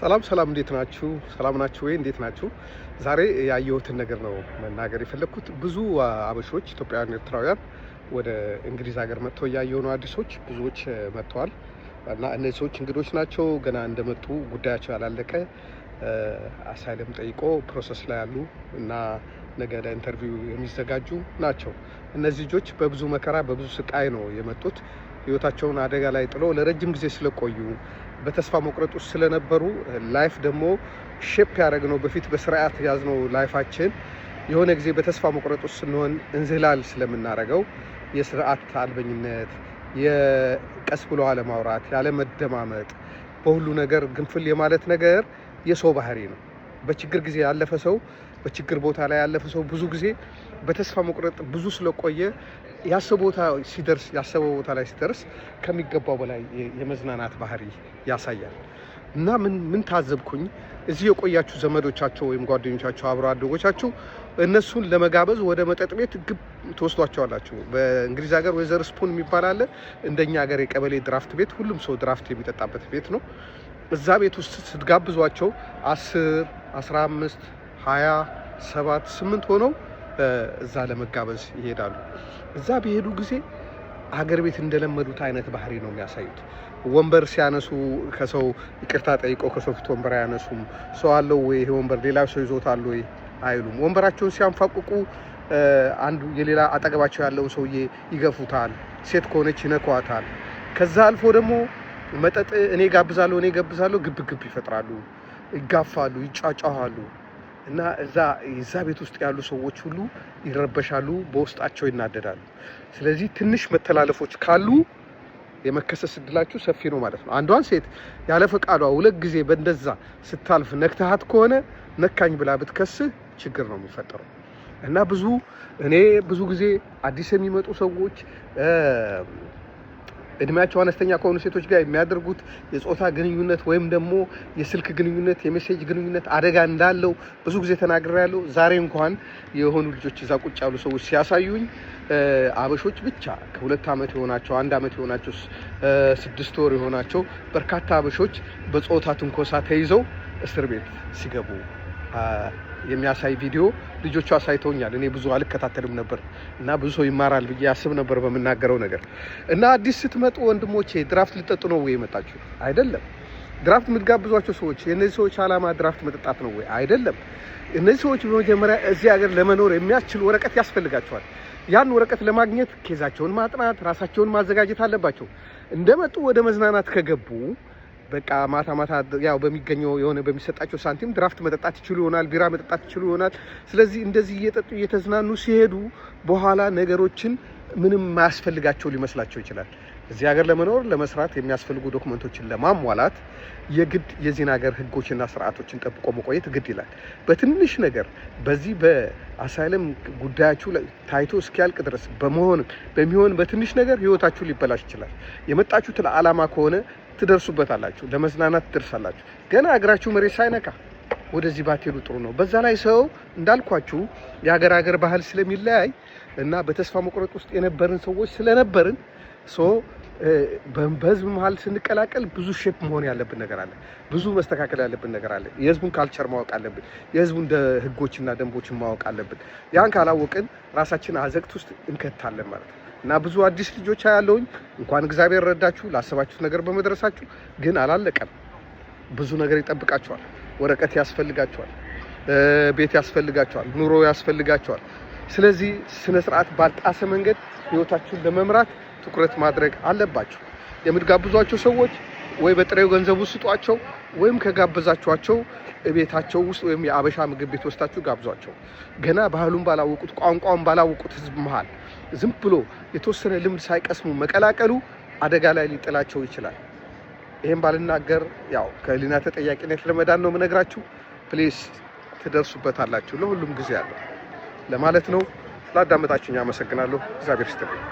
ሰላም ሰላም፣ እንዴት ናችሁ? ሰላም ናችሁ ወይ? እንዴት ናችሁ? ዛሬ ያየሁትን ነገር ነው መናገር የፈለግኩት። ብዙ አበሾች ኢትዮጵያውያን፣ ኤርትራውያን ወደ እንግሊዝ ሀገር መጥተው እያየሁ ነው። አዲሶች ብዙዎች መጥተዋል እና እነዚህ ሰዎች እንግዶች ናቸው። ገና እንደመጡ ጉዳያቸው ያላለቀ አሳይለም ጠይቆ ፕሮሰስ ላይ ያሉ እና ነገ ለኢንተርቪው የሚዘጋጁ ናቸው። እነዚህ ልጆች በብዙ መከራ በብዙ ስቃይ ነው የመጡት። ህይወታቸውን አደጋ ላይ ጥሎ ለረጅም ጊዜ ስለቆዩ በተስፋ መቁረጥ ውስጥ ስለነበሩ ላይፍ ደግሞ ሼፕ ያደረግነው በፊት በስርዓት ያዝነው ላይፋችን የሆነ ጊዜ በተስፋ መቁረጥ ውስጥ ስንሆን እንዝላል ስለምናደርገው የስርዓት አልበኝነት፣ የቀስ ብሎ አለማውራት፣ ያለመደማመጥ፣ በሁሉ ነገር ግንፍል የማለት ነገር የሰው ባህሪ ነው። በችግር ጊዜ ያለፈ ሰው በችግር ቦታ ላይ ያለፈ ሰው ብዙ ጊዜ በተስፋ መቁረጥ ብዙ ስለቆየ ያሰበው ቦታ ሲደርስ ያሰበው ቦታ ላይ ሲደርስ ከሚገባው በላይ የመዝናናት ባህሪ ያሳያል እና ምን ምን ታዘብኩኝ እዚህ የቆያችሁ ዘመዶቻቸው ወይም ጓደኞቻቸው አብረ አደጎቻችሁ እነሱን ለመጋበዝ ወደ መጠጥ ቤት ግብ ትወስዷቸዋላችሁ። በእንግሊዝ ሀገር ወይዘር ስፑን የሚባል አለ። እንደኛ ሀገር የቀበሌ ድራፍት ቤት፣ ሁሉም ሰው ድራፍት የሚጠጣበት ቤት ነው። እዛ ቤት ውስጥ ስትጋብዟቸው አስር አስራ አምስት ሀያ ሰባት ስምንት ሆነው እዛ ለመጋበዝ ይሄዳሉ። እዛ በሄዱ ጊዜ ሀገር ቤት እንደለመዱት አይነት ባህሪ ነው የሚያሳዩት። ወንበር ሲያነሱ ከሰው ይቅርታ ጠይቀው ከሰው ፊት ወንበር አያነሱም። ሰው አለው ወይ ይሄ ወንበር ሌላ ሰው ይዞታል ወይ አይሉም። ወንበራቸውን ሲያንፋቁቁ አንዱ የሌላ አጠገባቸው ያለውን ሰውዬ ይገፉታል። ሴት ከሆነች ይነኳታል። ከዛ አልፎ ደግሞ መጠጥ እኔ ጋብዛለሁ እኔ ገብዛለሁ ግብግብ ይፈጥራሉ፣ ይጋፋሉ፣ ይጫጫሃሉ። እና እዛ የዛ ቤት ውስጥ ያሉ ሰዎች ሁሉ ይረበሻሉ፣ በውስጣቸው ይናደዳሉ። ስለዚህ ትንሽ መተላለፎች ካሉ የመከሰስ እድላችሁ ሰፊ ነው ማለት ነው። አንዷን ሴት ያለ ፈቃዷ ሁለት ጊዜ በእንደዛ ስታልፍ ነክተሃት ከሆነ ነካኝ ብላ ብትከስህ ችግር ነው የሚፈጠረው። እና ብዙ እኔ ብዙ ጊዜ አዲስ የሚመጡ ሰዎች እድሜያቸው አነስተኛ ከሆኑ ሴቶች ጋር የሚያደርጉት የጾታ ግንኙነት ወይም ደግሞ የስልክ ግንኙነት፣ የሜሴጅ ግንኙነት አደጋ እንዳለው ብዙ ጊዜ ያለው ዛሬ እንኳን የሆኑ ልጆች እዛ ቁጭ ያሉ ሰዎች ሲያሳዩኝ አበሾች ብቻ ከሁለት ዓመት የሆናቸው አንድ ዓመት የሆናቸው ስድስት ወር የሆናቸው በርካታ አበሾች በጾታ ትንኮሳ ተይዘው እስር ቤት ሲገቡ የሚያሳይ ቪዲዮ ልጆቹ አሳይተውኛል። እኔ ብዙ አልከታተልም ነበር እና ብዙ ሰው ይማራል ብዬ አስብ ነበር በምናገረው ነገር እና አዲስ ስትመጡ ወንድሞቼ ድራፍት ልጠጡ ነው ወይ የመጣችሁ? አይደለም። ድራፍት የምትጋብዟቸው ሰዎች የእነዚህ ሰዎች አላማ ድራፍት መጠጣት ነው ወይ? አይደለም። እነዚህ ሰዎች በመጀመሪያ እዚህ ሀገር ለመኖር የሚያስችል ወረቀት ያስፈልጋቸዋል። ያን ወረቀት ለማግኘት ኬዛቸውን ማጥናት፣ ራሳቸውን ማዘጋጀት አለባቸው። እንደመጡ ወደ መዝናናት ከገቡ በቃ ማታ ማታ ያው በሚገኘው የሆነ በሚሰጣቸው ሳንቲም ድራፍት መጠጣት ይችሉ ይሆናል፣ ቢራ መጠጣት ይችሉ ይሆናል። ስለዚህ እንደዚህ እየጠጡ እየተዝናኑ ሲሄዱ በኋላ ነገሮችን ምንም ማያስፈልጋቸው ሊመስላቸው ይችላል። እዚህ ሀገር ለመኖር ለመስራት የሚያስፈልጉ ዶክመንቶችን ለማሟላት የግድ የዚህን ሀገር ህጎችና ስርዓቶችን ጠብቆ መቆየት ግድ ይላል። በትንሽ ነገር በዚህ በአሳይለም ጉዳያችሁ ታይቶ እስኪያልቅ ድረስ በመሆን በሚሆን በትንሽ ነገር ህይወታችሁ ሊበላሽ ይችላል። የመጣችሁት ለዓላማ ከሆነ ትደርሱበታላችሁ፣ ለመዝናናት ትደርሳላችሁ። ገና እግራችሁ መሬት ሳይነካ ወደዚህ ባትሄዱ ጥሩ ነው። በዛ ላይ ሰው እንዳልኳችሁ የሀገር ሀገር ባህል ስለሚለያይ እና በተስፋ መቁረጥ ውስጥ የነበርን ሰዎች ስለነበርን ሶ በህዝብ መሀል ስንቀላቀል ብዙ ሼፕ መሆን ያለብን ነገር አለ። ብዙ መስተካከል ያለብን ነገር አለ። የህዝቡን ካልቸር ማወቅ አለብን። የህዝቡን ህጎችና ደንቦችን ማወቅ አለብን። ያን ካላወቅን ራሳችን አዘቅት ውስጥ እንከታለን ማለት ነው እና ብዙ አዲስ ልጆች ያለውኝ እንኳን እግዚአብሔር ረዳችሁ። ላሰባችሁት ነገር በመድረሳችሁ ግን አላለቀም። ብዙ ነገር ይጠብቃችኋል። ወረቀት ያስፈልጋችኋል፣ ቤት ያስፈልጋችኋል፣ ኑሮ ያስፈልጋችኋል። ስለዚህ ስነ ስርዓት ባልጣሰ መንገድ ህይወታችሁን ለመምራት ትኩረት ማድረግ አለባችሁ። የምትጋብዟቸው ሰዎች ወይ በጥሬው ገንዘቡ ስጧቸው፣ ወይም ከጋበዛችኋቸው ቤታቸው ውስጥ ወይም የአበሻ ምግብ ቤት ወስታችሁ ጋብዟቸው። ገና ባህሉን ባላወቁት ቋንቋውን ባላወቁት ህዝብ መሀል ዝም ብሎ የተወሰነ ልምድ ሳይቀስሙ መቀላቀሉ አደጋ ላይ ሊጥላቸው ይችላል። ይህም ባልናገር ያው ከህሊና ተጠያቂነት ለመዳን ነው የምነግራችሁ። ፕሌስ ትደርሱበታላችሁ። ለሁሉም ጊዜ አለው ለማለት ነው። ስላዳመጣችሁኝ አመሰግናለሁ። እግዚአብሔር ይስጥልኝ።